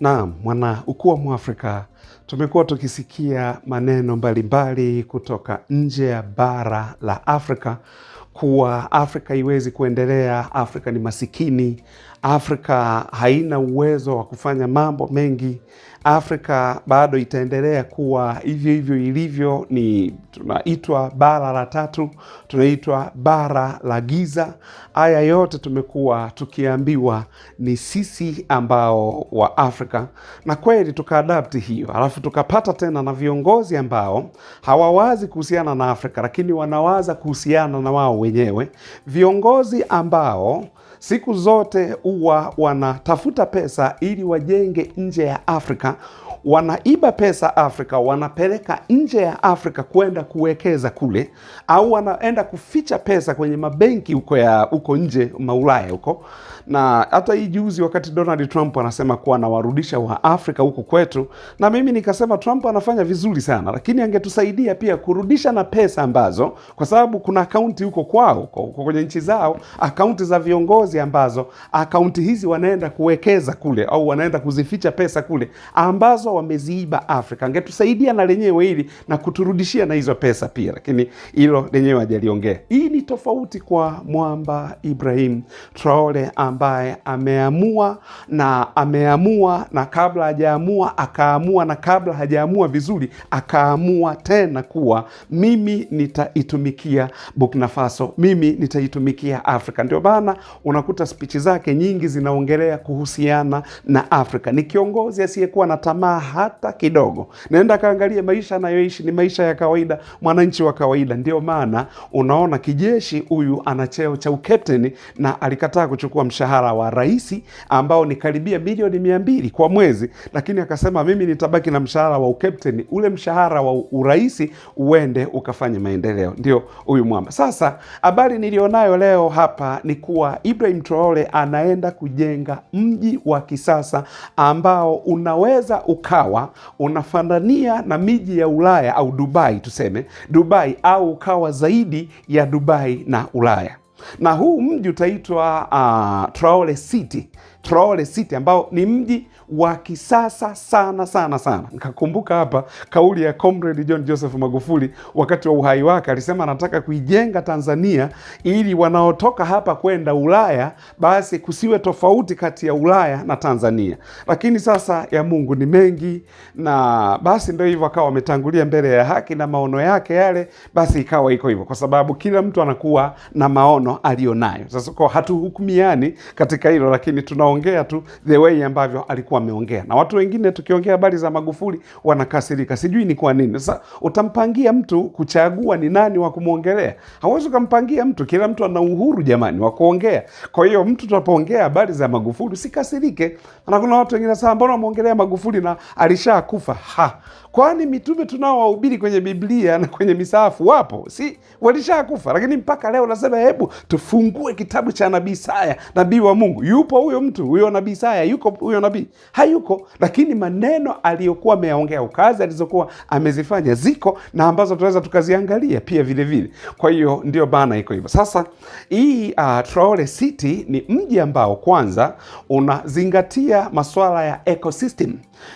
Naam, mwana ukuu wa Mwafrika, tumekuwa tukisikia maneno mbalimbali mbali kutoka nje ya bara la Afrika kuwa Afrika haiwezi kuendelea, Afrika ni masikini, Afrika haina uwezo wa kufanya mambo mengi, Afrika bado itaendelea kuwa hivyo hivyo ilivyo, ni tunaitwa bara la tatu, tunaitwa bara la giza. Haya yote tumekuwa tukiambiwa ni sisi ambao wa Afrika, na kweli tukaadapti hiyo, alafu tukapata tena na viongozi ambao hawawazi kuhusiana na Afrika, lakini wanawaza kuhusiana na wao wenyewe, viongozi ambao siku zote huwa wanatafuta pesa ili wajenge nje ya Afrika wanaiba pesa Afrika, wanapeleka nje ya Afrika kwenda kuwekeza kule, au wanaenda kuficha pesa kwenye mabenki huko ya huko nje maulaya huko. Na hata hii juzi, wakati Donald Trump anasema kuwa anawarudisha wa Afrika huko kwetu, na mimi nikasema Trump anafanya vizuri sana, lakini angetusaidia pia kurudisha na pesa ambazo, kwa sababu kuna akaunti huko kwao huko kwenye nchi zao, akaunti za viongozi ambazo akaunti hizi wanaenda kuwekeza kule au wanaenda kuzificha pesa kule ambazo wameziiba Afrika. Angetusaidia na lenyewe hili na kuturudishia na hizo pesa pia, lakini hilo lenyewe hajaliongea. Hii ni tofauti kwa mwamba Ibrahim Traore ambaye ameamua na ameamua na kabla hajaamua akaamua na kabla hajaamua vizuri akaamua tena kuwa mimi nitaitumikia Burkina Faso, mimi nitaitumikia Afrika. Ndio maana unakuta spichi zake nyingi zinaongelea kuhusiana na Afrika. Ni kiongozi asiyekuwa na tamaa hata kidogo. Naenda kaangalia maisha anayoishi ni maisha ya kawaida, mwananchi wa kawaida. Ndio maana unaona kijeshi huyu ana cheo cha ukepteni na alikataa kuchukua mshahara wa rais ambao ni karibia milioni mia mbili kwa mwezi, lakini akasema mimi nitabaki na mshahara wa ukepteni, ule mshahara wa uraisi uende ukafanye maendeleo. Ndio huyu mwamba. Sasa habari nilionayo leo hapa ni kuwa Ibrahim Traore anaenda kujenga mji wa kisasa ambao unaweza uka ukawa unafanania na miji ya Ulaya au Dubai, tuseme Dubai, au ukawa zaidi ya Dubai na Ulaya, na huu mji utaitwa uh, Traore City Traore City ambao ni mji wa kisasa sana sana sana. Nikakumbuka hapa kauli ya Comrade John Joseph Magufuli wakati wa uhai wake, alisema anataka kuijenga Tanzania ili wanaotoka hapa kwenda Ulaya, basi kusiwe tofauti kati ya Ulaya na Tanzania. Lakini sasa ya Mungu ni mengi, na basi ndio hivyo, akawa wametangulia mbele ya haki na maono yake yale, basi ikawa iko hivyo, kwa sababu kila mtu anakuwa na maono aliyonayo. Sasa kwa hatuhukumiani katika hilo, lakini tuna akaongea tu the way ambavyo alikuwa ameongea, na watu wengine tukiongea habari za Magufuli wanakasirika, sijui ni kwa nini. Sasa utampangia mtu kuchagua ni nani wa kumwongelea? Hauwezi ukampangia mtu, kila mtu ana uhuru jamani wa kuongea. Kwa hiyo mtu tunapoongea habari za Magufuli sikasirike Na kuna watu wengine sasa, mbona wamwongelea Magufuli na alishakufa? Ha, Kwani mitume tunaowahubiri kwenye Biblia na kwenye misaafu wapo? Si walishakufa? Lakini mpaka leo nasema, hebu tufungue kitabu cha nabii Isaya, nabii wa Mungu. Yupo huyo mtu huyo nabii Isaya? Yuko huyo nabii? Hayuko. Lakini maneno aliyokuwa ameyaongea, ukazi alizokuwa amezifanya ziko, na ambazo tunaweza tukaziangalia pia vile vile. Kwa hiyo ndio bana, iko hivyo. Sasa hii uh, Traore City ni mji ambao kwanza unazingatia masuala ya ecosystem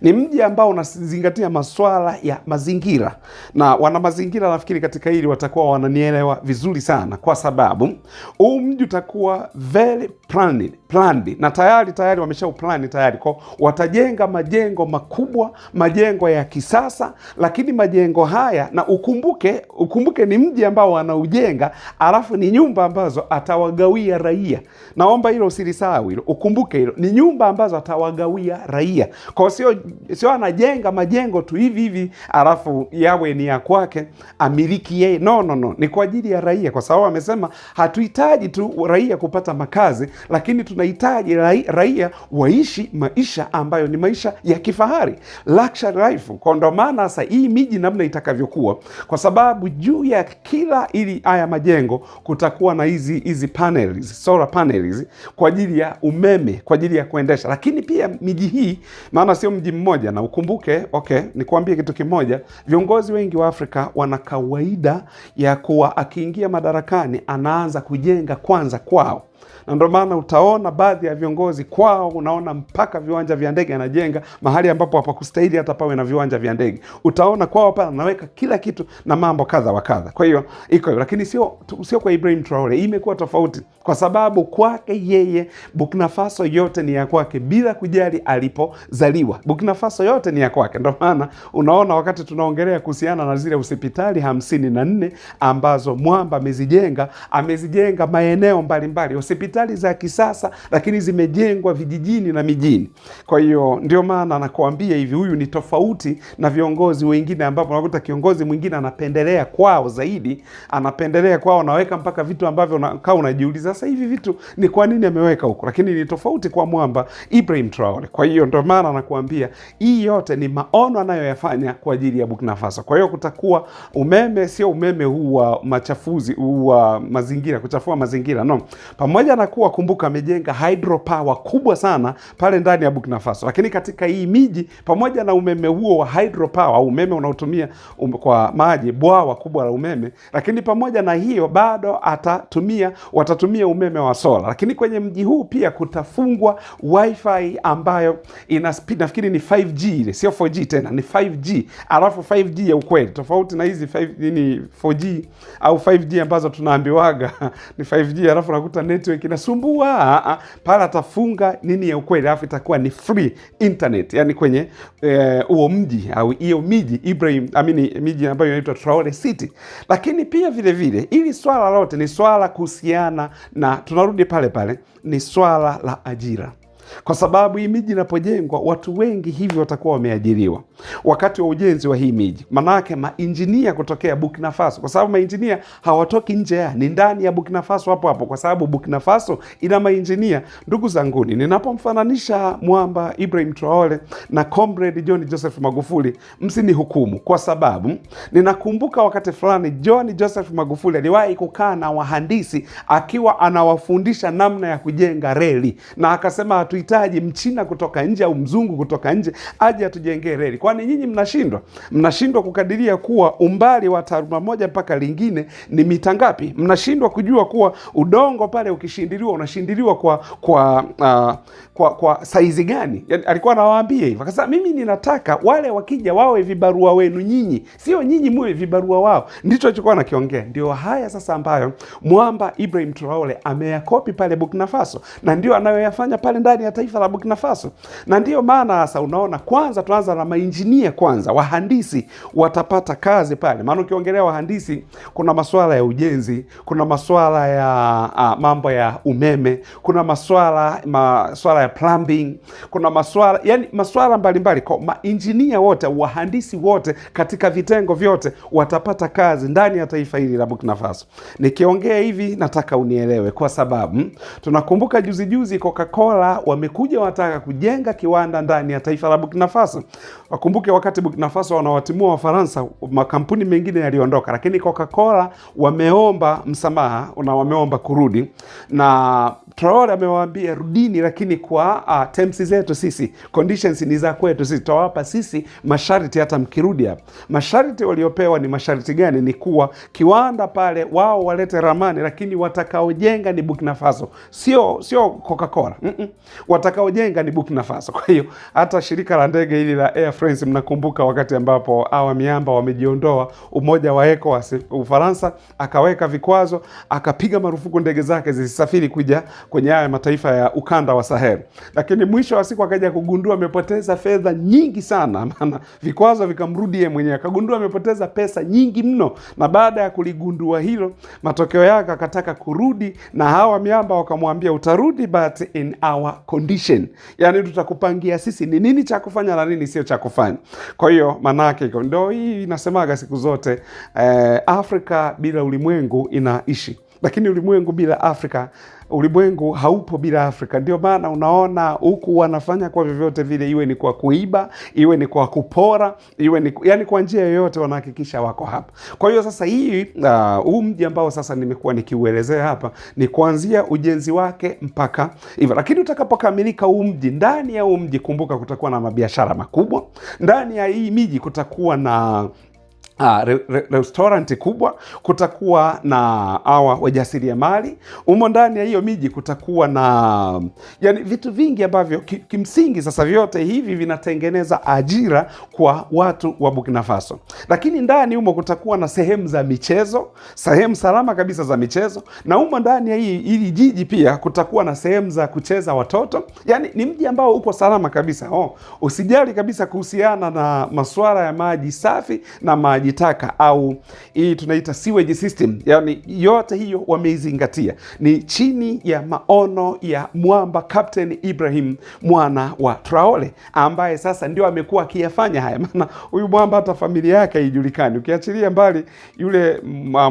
ni mji ambao unazingatia masuala ya mazingira, na wana mazingira nafikiri katika hili watakuwa wananielewa vizuri sana, kwa sababu huu mji utakuwa very planned, planned. Na tayari tayari wamesha uplani tayari kwa watajenga majengo makubwa, majengo ya kisasa, lakini majengo haya na ukumbuke, ukumbuke ni mji ambao wanaujenga, alafu ni nyumba ambazo atawagawia raia. Naomba hilo usilisahau hilo, ukumbuke hilo, ni nyumba ambazo atawagawia raia kwa sio sio sio anajenga majengo tu hivi hivi alafu yawe ni ya kwake amiliki yeye. No, no, no, ni kwa ajili ya raia, kwa sababu amesema hatuhitaji tu raia kupata makazi, lakini tunahitaji raia waishi maisha ambayo ni maisha ya kifahari, luxury life. Kwa ndo maana sasa hii miji namna itakavyokuwa, kwa sababu juu ya kila ili haya majengo kutakuwa na hizi hizi panels, solar panels kwa ajili ya umeme, kwa ajili ya kuendesha, lakini pia miji hii maana sio mji mmoja, na ukumbuke, okay, nikuambie kitu kimoja, viongozi wengi wa Afrika wana kawaida ya kuwa akiingia madarakani anaanza kujenga kwanza kwao na ndio maana utaona baadhi ya viongozi kwao, unaona mpaka viwanja vya ndege anajenga mahali ambapo hapakustahili hata pawe na viwanja vya ndege. Utaona kwao pale anaweka kila kitu na mambo kadha wa kadha. Kwa hiyo iko hivyo, lakini sio sio kwa Ibrahim Traore. Imekuwa tofauti kwa sababu kwake yeye Burkina Faso yote ni ya kwake, bila kujali alipozaliwa. Burkina Faso yote ni ya kwake. Ndio maana unaona wakati tunaongelea kuhusiana na zile hospitali hamsini na nne ambazo mwamba amezijenga, amezijenga maeneo mbalimbali mbali hospitali za kisasa, lakini zimejengwa vijijini na mijini. Kwa hiyo ndio maana nakuambia hivi, huyu ni tofauti na viongozi wengine, ambapo unakuta kiongozi mwingine anapendelea kwao zaidi, anapendelea kwao, anaweka mpaka vitu ambavyo unakaa unajiuliza, sasa hivi vitu ni kwa nini ameweka huko, lakini ni tofauti kwa mwamba Ibrahim Traore. Kwa hiyo ndio maana nakuambia hii yote ni maono anayoyafanya kwa ajili ya Burkina Faso. Kwa hiyo kutakuwa umeme, sio umeme huu wa machafuzi, huu wa mazingira, kuchafua mazingira no Pamu pamoja na kuwa kumbuka, amejenga hydropower kubwa sana pale ndani ya Burkina Faso, lakini katika hii miji, pamoja na umeme huo wa hydropower, umeme unaotumia um, kwa maji, bwawa kubwa la umeme, lakini pamoja na hiyo bado atatumia watatumia umeme wa sola, lakini kwenye mji huu pia kutafungwa wifi ambayo ina speed nafikiri ni 5G ile, sio 4G tena, ni 5G, alafu 5G ya ukweli, tofauti na hizi 5 ni 4G au 5G ambazo tunaambiwaga ni 5G alafu nakuta net network inasumbua, ah, ah, pale atafunga nini ya ukweli, alafu itakuwa ni free internet, yani kwenye eh, huo e, mji au hiyo miji Ibrahim amini, miji ambayo inaitwa Traore City. Lakini pia vile vile ili swala lote ni swala kuhusiana na, tunarudi pale pale, ni swala la ajira kwa sababu hii miji inapojengwa watu wengi hivi watakuwa wameajiriwa wakati wa ujenzi wa hii miji. Maanake mainjinia kutokea Burkina Faso, kwa sababu mainjinia hawatoki nje ya ni ndani ya Burkina Faso hapo hapo, kwa sababu Burkina Faso ina mainjinia. Ndugu zanguni, ninapomfananisha mwamba Ibrahim Traore na comrade John Joseph Magufuli, msini hukumu kwa sababu ninakumbuka wakati fulani John Joseph Magufuli aliwahi kukaa na wahandisi akiwa anawafundisha namna ya kujenga reli na akasema hatu hatuhitaji mchina kutoka nje au mzungu kutoka nje aje atujengee reli. Kwani nyinyi mnashindwa, mnashindwa kukadiria kuwa umbali wa taaluma moja mpaka lingine ni mita ngapi? Mnashindwa kujua kuwa udongo pale ukishindiliwa unashindiliwa kwa kwa, uh, kwa kwa saizi gani? Yani, alikuwa anawaambia hivo kasa mimi ninataka wale wakija wawe vibarua wenu nyinyi, sio nyinyi muwe vibarua wao. Ndicho alichokuwa nakiongea. Ndio haya sasa ambayo mwamba Ibrahim traole ameyakopi pale bukinafaso Faso na ndio anayoyafanya pale ndani ya taifa la Burkina Faso. Na ndiyo maana hasa unaona, kwanza tuanza na mainjinia kwanza, wahandisi watapata kazi pale, maana ukiongelea wahandisi kuna masuala ya ujenzi, kuna masuala ya uh, mambo ya umeme, kuna masuala masuala ya plumbing, kuna masuala yani masuala mbalimbali kwa mainjinia wote, wahandisi wote katika vitengo vyote watapata kazi ndani ya taifa hili la Burkina Faso. Nikiongea hivi nataka unielewe, kwa sababu tunakumbuka juzi juzi Coca-Cola wa wamekuja wanataka kujenga kiwanda ndani ya taifa la Burkina Faso. Wakumbuke wakati Burkina Faso wanawatimua Wafaransa, makampuni mengine yaliondoka, lakini Coca-Cola wameomba msamaha na wameomba kurudi, na Traore amewaambia rudini, lakini kwa uh, terms zetu sisi, conditions ni za kwetu sisi, tutawapa sisi masharti, hata mkirudi hapa. Masharti waliopewa ni masharti gani? Ni kuwa kiwanda pale wao walete ramani, lakini watakaojenga ni Burkina Faso, sio sio Coca-Cola mm -mm watakaojenga ni Burkina Faso. Kwa hiyo hata shirika la ndege hili la Air France, mnakumbuka wakati ambapo hawa miamba wamejiondoa umoja wa ECOWAS, Ufaransa akaweka vikwazo, akapiga marufuku ndege zake zisisafiri kuja kwenye haya mataifa ya ukanda wa Sahel, lakini mwisho wa siku akaja kugundua amepoteza fedha nyingi sana, maana vikwazo vikamrudi yeye mwenyewe, akagundua amepoteza pesa nyingi mno, na baada ya kuligundua hilo, matokeo yake akataka kurudi, na hawa miamba wakamwambia utarudi but in our condition, yani tutakupangia sisi ni nini cha kufanya na nini sio cha kufanya. Kwa hiyo manake ndo hii inasemaga siku zote eh, Afrika bila ulimwengu inaishi lakini ulimwengu bila Afrika, ulimwengu haupo bila Afrika. Ndio maana unaona huku wanafanya kwa vyovyote vile, iwe ni kwa kuiba, iwe ni kwa kupora, iwe ni yani, kwa njia yoyote wanahakikisha wako hapa. Kwa hiyo sasa hii ah, huu uh, mji ambao sasa nimekuwa nikiuelezea hapa ni kuanzia ujenzi wake mpaka hivyo, lakini utakapokamilika huu mji, ndani ya huu mji, kumbuka, kutakuwa na mabiashara makubwa ndani ya hii miji, kutakuwa na Ah, re, re, restaurant kubwa, kutakuwa na hawa wajasiriamali umo ndani ya hiyo miji, kutakuwa na yani vitu vingi ambavyo kimsingi sasa vyote hivi vinatengeneza ajira kwa watu wa Burkina Faso, lakini ndani humo kutakuwa na sehemu za michezo, sehemu salama kabisa za michezo, na umo ndani ya hii ili jiji pia kutakuwa na sehemu za kucheza watoto. Yani ni mji ambao uko salama kabisa. Oh, usijali kabisa kuhusiana na masuala ya maji safi na maji majitaka au hii tunaita sewage system, yani yote hiyo wameizingatia, ni chini ya maono ya mwamba Captain Ibrahim mwana wa Traore, ambaye sasa ndio amekuwa akiyafanya haya. Maana huyu mwamba hata familia yake haijulikani, ukiachilia mbali yule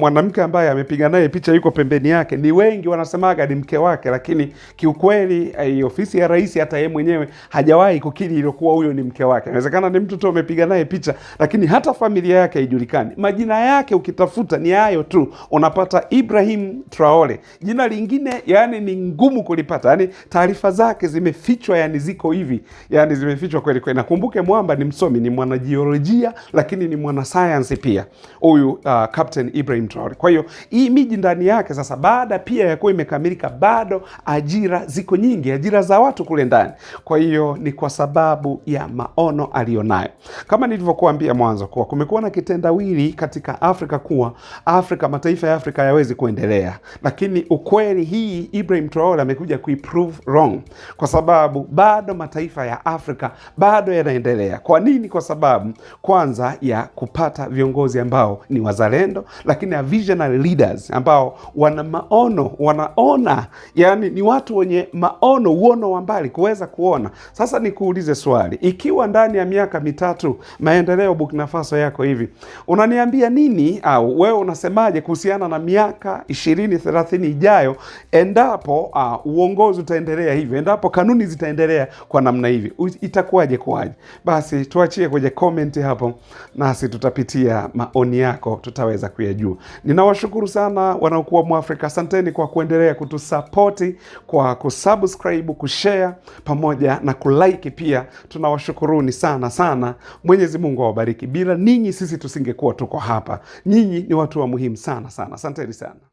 mwanamke ambaye amepiga naye picha yuko pembeni yake, ni wengi wanasemaga ni mke wake, lakini kiukweli eh, ofisi ya rais hata yeye mwenyewe hajawahi kukiri iliyokuwa huyo ni mke wake. Inawezekana ni mtu tu amepiga naye picha, lakini hata familia yake haijulikani. Majina yake ukitafuta ni hayo tu, unapata Ibrahim Traore. Jina lingine yani ni ngumu kulipata, yani taarifa zake zimefichwa, yani ziko hivi, yani zimefichwa kweli kweli. Nakumbuke mwamba ni msomi, ni mwanajiolojia, lakini ni mwanasayansi pia huyu uh, Captain Ibrahim Traore. Kwa hiyo hii miji ndani yake sasa, baada pia ya kuwa imekamilika, bado ajira ziko nyingi, ajira za watu kule ndani. Kwa hiyo ni kwa sababu ya maono aliyonayo, kama nilivyokuambia mwanzo kuwa kumekuwa na kitendawili katika Afrika kuwa Afrika, mataifa ya Afrika yawezi kuendelea, lakini ukweli hii Ibrahim Traore amekuja kuiprove wrong, kwa sababu bado mataifa ya Afrika bado yanaendelea. Kwa nini? Kwa sababu kwanza ya kupata viongozi ambao ni wazalendo, lakini ya visionary leaders ambao wana maono, wanaona, yani ni watu wenye maono, uono wa mbali, kuweza kuona. Sasa nikuulize swali, ikiwa ndani ya miaka mitatu maendeleo bukinafaso Faso yako hivi, Unaniambia nini au wewe unasemaje kuhusiana na miaka 20 30 ijayo, endapo uh, uongozi utaendelea hivyo, endapo kanuni zitaendelea kwa namna hivi, itakuwaje kuwaje? Basi tuachie kwenye comment hapo, nasi tutapitia maoni yako, tutaweza kuyajua. Ninawashukuru sana wanaokuwa Mwafrika, asanteni kwa kuendelea kutusapoti kwa kusubscribe, kushare pamoja na kulike pia. Tunawashukuruni sana sana. Mwenyezi Mungu awabariki. Bila ninyi sisi tu tusingekuwa tuko hapa. Nyinyi ni watu wa muhimu sana sana. Asanteni sana.